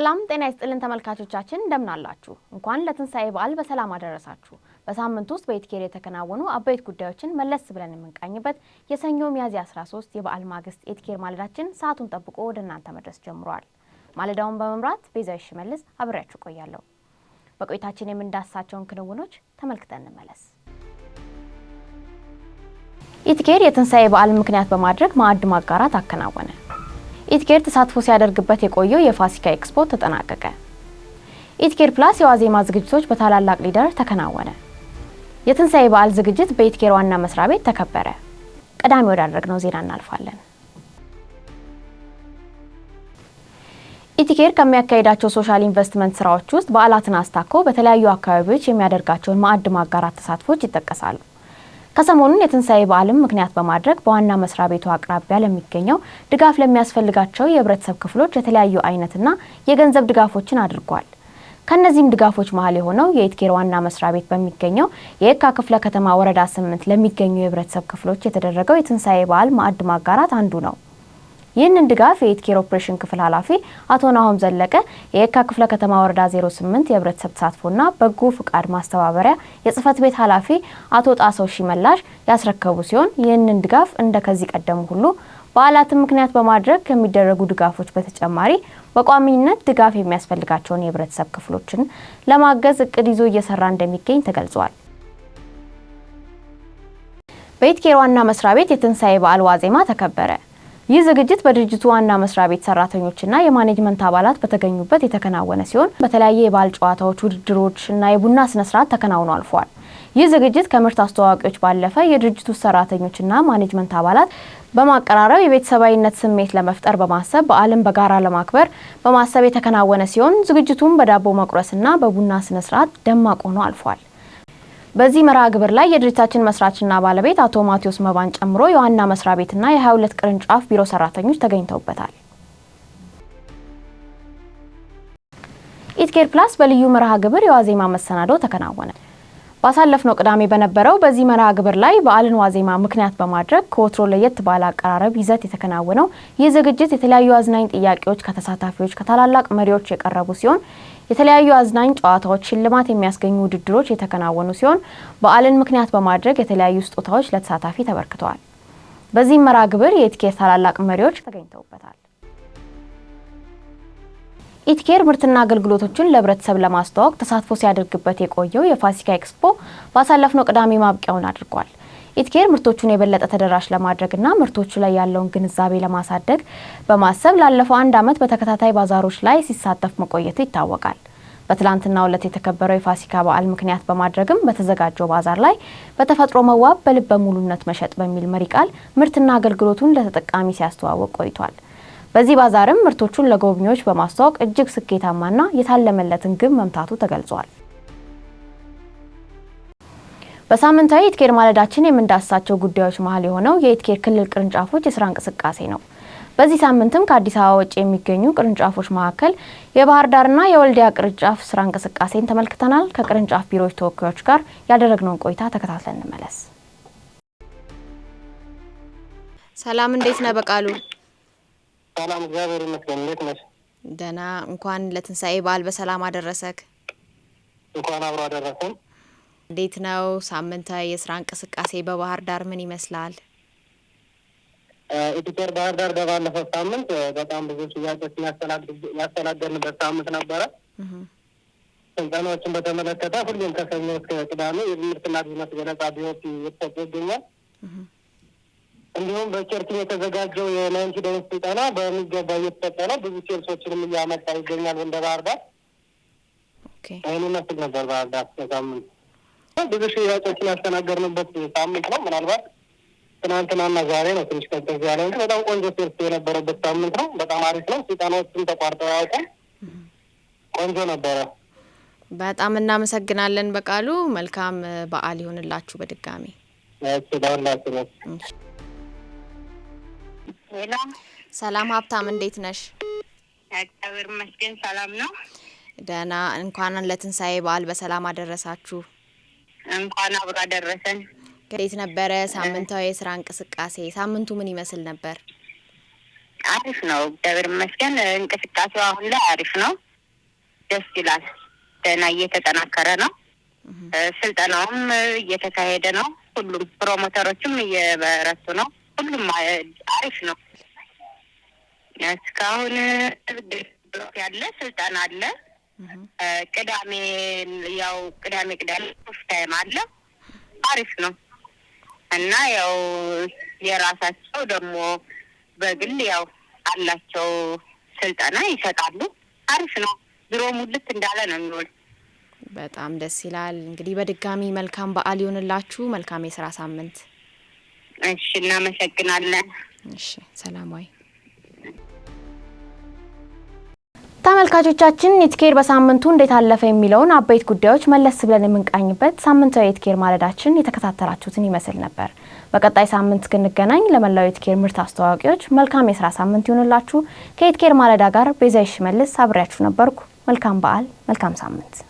ሰላም ጤና ይስጥልን ተመልካቾቻችን፣ እንደምናላችሁ። አላችሁ? እንኳን ለትንሣኤ በዓል በሰላም አደረሳችሁ። በሳምንት ውስጥ በኢትኬር የተከናወኑ አበይት ጉዳዮችን መለስ ብለን የምንቃኝበት የሰኞ ሚያዝያ 13 የበዓል ማግስት ኢትኬር ማለዳችን ሰዓቱን ጠብቆ ወደ እናንተ መድረስ ጀምሯል። ማለዳውን በመምራት ቤዛ ሽመልስ አብሬያችሁ ቆያለሁ። በቆይታችን የምንዳስሳቸውን ክንውኖች ተመልክተን እንመለስ። ኢትኬር የትንሣኤ በዓል ምክንያት በማድረግ ማዕድ ማጋራት አከናወነ። ኢትኬር ተሳትፎ ሲያደርግበት የቆየው የፋሲካ ኤክስፖ ተጠናቀቀ። ኢትኬር ፕላስ የዋዜማ ዝግጅቶች በታላላቅ ሊደር ተከናወነ። የትንሣኤ በዓል ዝግጅት በኢትኬር ዋና መስሪያ ቤት ተከበረ። ቀዳሚ ወዳደረግነው ዜና እናልፋለን። ኢቲኬር ከሚያካሄዳቸው ሶሻል ኢንቨስትመንት ስራዎች ውስጥ በዓላትን አስታኮ በተለያዩ አካባቢዎች የሚያደርጋቸውን ማዕድ ማጋራት ተሳትፎች ይጠቀሳሉ። ከሰሞኑን የትንሣኤ በዓልም ምክንያት በማድረግ በዋና መስሪያ ቤቱ አቅራቢያ ለሚገኘው ድጋፍ ለሚያስፈልጋቸው የህብረተሰብ ክፍሎች የተለያዩ አይነትና የገንዘብ ድጋፎችን አድርጓል። ከነዚህም ድጋፎች መሀል የሆነው የኢትኬር ዋና መስሪያ ቤት በሚገኘው የየካ ክፍለ ከተማ ወረዳ ስምንት ለሚገኙ የህብረተሰብ ክፍሎች የተደረገው የትንሣኤ በዓል ማዕድ ማጋራት አንዱ ነው። ይህንን ድጋፍ የኢትኬር ኦፕሬሽን ክፍል ኃላፊ አቶ ናሆም ዘለቀ የየካ ክፍለ ከተማ ወረዳ 08 የህብረተሰብ ተሳትፎና በጎ ፍቃድ ማስተባበሪያ የጽህፈት ቤት ኃላፊ አቶ ጣሰው ሺመላሽ ያስረከቡ ሲሆን ይህንን ድጋፍ እንደ ከዚህ ቀደሙ ሁሉ በዓላትን ምክንያት በማድረግ ከሚደረጉ ድጋፎች በተጨማሪ በቋሚነት ድጋፍ የሚያስፈልጋቸውን የህብረተሰብ ክፍሎችን ለማገዝ እቅድ ይዞ እየሰራ እንደሚገኝ ተገልጿል። በኢትኬር ዋና መስሪያ ቤት የትንሣኤ በዓል ዋዜማ ተከበረ። ይህ ዝግጅት በድርጅቱ ዋና መስሪያ ቤት ሰራተኞችና የማኔጅመንት አባላት በተገኙበት የተከናወነ ሲሆን በተለያየ የባህል ጨዋታዎች፣ ውድድሮች እና የቡና ስነስርዓት ተከናውኖ አልፏል። ይህ ዝግጅት ከምርት አስተዋዋቂዎች ባለፈ የድርጅቱ ሰራተኞችና ማኔጅመንት አባላት በማቀራረብ የቤተሰባዊነት ስሜት ለመፍጠር በማሰብ በዓልን በጋራ ለማክበር በማሰብ የተከናወነ ሲሆን ዝግጅቱም በዳቦ መቁረስና በቡና ስነስርዓት ደማቅ ሆኖ አልፏል። በዚህ መርሃ ግብር ላይ የድርጅታችን መስራችና ባለቤት አቶ ማቴዎስ መባን ጨምሮ የዋና መስሪያ ቤትና የ22 ቅርንጫፍ ቢሮ ሰራተኞች ተገኝተውበታል። ኢትኬር ፕላስ በልዩ መርሃ ግብር የዋዜማ መሰናዶ ተከናወነ። ባሳለፍነው ቅዳሜ በነበረው በዚህ መርሃ ግብር ላይ በዓልን ዋዜማ ምክንያት በማድረግ ከወትሮ ለየት ባለ አቀራረብ ይዘት የተከናወነው ይህ ዝግጅት የተለያዩ አዝናኝ ጥያቄዎች ከተሳታፊዎች ከታላላቅ መሪዎች የቀረቡ ሲሆን የተለያዩ አዝናኝ ጨዋታዎች፣ ሽልማት የሚያስገኙ ውድድሮች የተከናወኑ ሲሆን በዓልን ምክንያት በማድረግ የተለያዩ ስጦታዎች ለተሳታፊ ተበርክተዋል። በዚህም መርሃ ግብር የኢቲኬር ታላላቅ መሪዎች ተገኝተውበታል። ኢቲኬር ምርትና አገልግሎቶችን ለህብረተሰብ ለማስተዋወቅ ተሳትፎ ሲያደርግበት የቆየው የፋሲካ ኤክስፖ ባሳለፍነው ቅዳሜ ማብቂያውን አድርጓል። ኢትኬር ምርቶቹን የበለጠ ተደራሽ ለማድረግና ምርቶቹ ላይ ያለውን ግንዛቤ ለማሳደግ በማሰብ ላለፈው አንድ ዓመት በተከታታይ ባዛሮች ላይ ሲሳተፍ መቆየቱ ይታወቃል። በትላንትናው ዕለት የተከበረው የፋሲካ በዓል ምክንያት በማድረግም በተዘጋጀው ባዛር ላይ በተፈጥሮ መዋብ በልበ ሙሉነት መሸጥ በሚል መሪ ቃል ምርትና አገልግሎቱን ለተጠቃሚ ሲያስተዋውቅ ቆይቷል። በዚህ ባዛርም ምርቶቹን ለጎብኚዎች በማስተዋወቅ እጅግ ስኬታማና የታለመለትን ግብ መምታቱ ተገልጿል። በሳምንታዊ የኢትኬር ማለዳችን የምንዳስሳቸው ጉዳዮች መሀል የሆነው የኢትኬር ክልል ቅርንጫፎች የስራ እንቅስቃሴ ነው። በዚህ ሳምንትም ከአዲስ አበባ ውጭ የሚገኙ ቅርንጫፎች መካከል የባህር ዳርና የወልዲያ ቅርንጫፍ ስራ እንቅስቃሴን ተመልክተናል። ከቅርንጫፍ ቢሮዎች ተወካዮች ጋር ያደረግነውን ቆይታ ተከታትለን እንመለስ። ሰላም፣ እንዴት ነህ በቃሉ? ሰላም፣ እግዚአብሔር ይመስገን። እንዴት ነሽ? ደህና። እንኳን ለትንሣኤ በዓል በሰላም አደረሰክ። እንኳን አብሮ አደረሰን። እንዴት ነው ሳምንታዊ የስራ እንቅስቃሴ በባህር ዳር ምን ይመስላል? ኢትዮጵያ ባህር ዳር በባለፈው ሳምንት በጣም ብዙ ሽያጮችን ያስተናገድንበት ሳምንት ነበረ። ስልጠናዎችን በተመለከተ ሁሉም ከሰኞ እስከ ቅዳሜ የትምህርትና ቢዝነስ ገለጻ ቢወት የተሰጡ ይገኛል። እንዲሁም በቸርችን የተዘጋጀው የናይንቲ ደንስ ስልጠና በሚገባ እየተሰጠ ነው። ብዙ ቸርሶችንም እያመጣ ይገኛል እንደ ባህር ዳር። ይህን ይመስል ነበር ባህር ዳር ሳምንት ብዙ ሽያጮችን ያስተናገርንበት ሳምንት ነው። ምናልባት ትናንትናና ዛሬ ነው ትንሽ ቀዝቀዝ ያለ እንጂ በጣም ቆንጆ ሴርት የነበረበት ሳምንት ነው። በጣም አሪፍ ነው። ስልጠናዎችም ተቋርጠው አያውቁም። ቆንጆ ነበረ። በጣም እናመሰግናለን። በቃሉ መልካም በዓል ይሆንላችሁ። በድጋሚ ሰላም ሀብታም፣ እንዴት ነሽ? እግዚአብሔር ይመስገን ሰላም ነው። ደህና። እንኳን ለትንሳኤ በዓል በሰላም አደረሳችሁ። እንኳን አብሮ አደረሰን። እንዴት ነበረ ሳምንታዊ የስራ እንቅስቃሴ? ሳምንቱ ምን ይመስል ነበር? አሪፍ ነው፣ እግዚአብሔር ይመስገን። እንቅስቃሴው አሁን ላይ አሪፍ ነው፣ ደስ ይላል። ደህና እየተጠናከረ ነው። ስልጠናውም እየተካሄደ ነው። ሁሉም ፕሮሞተሮችም እየበረቱ ነው። ሁሉም አሪፍ ነው። እስካሁን ያለ ስልጠና አለ ቅዳሜ ያው ቅዳሜ ቅዳሜ ሶስት አለ። አሪፍ ነው እና ያው የራሳቸው ደግሞ በግል ያው አላቸው ስልጠና ይሰጣሉ። አሪፍ ነው። ድሮ ሙልት እንዳለ ነው የሚሆን። በጣም ደስ ይላል። እንግዲህ በድጋሚ መልካም በዓል ይሆንላችሁ። መልካም የስራ ሳምንት። እሺ፣ እናመሰግናለን። እሺ፣ ሰላማዊ ተመልካቾቻችን ኔትኬር በሳምንቱ እንዴት አለፈ የሚለውን አበይት ጉዳዮች መለስ ብለን የምንቃኝበት ሳምንታዊ የትኬር ማለዳችን የተከታተላችሁትን ይመስል ነበር። በቀጣይ ሳምንት እስክንገናኝ ለመላው የትኬር ምርት አስተዋዋቂዎች መልካም የስራ ሳምንት ይሆንላችሁ ከየትኬር ማለዳ ጋር ቤዛይሽ መልስ አብሬያችሁ ነበርኩ። መልካም በዓል፣ መልካም ሳምንት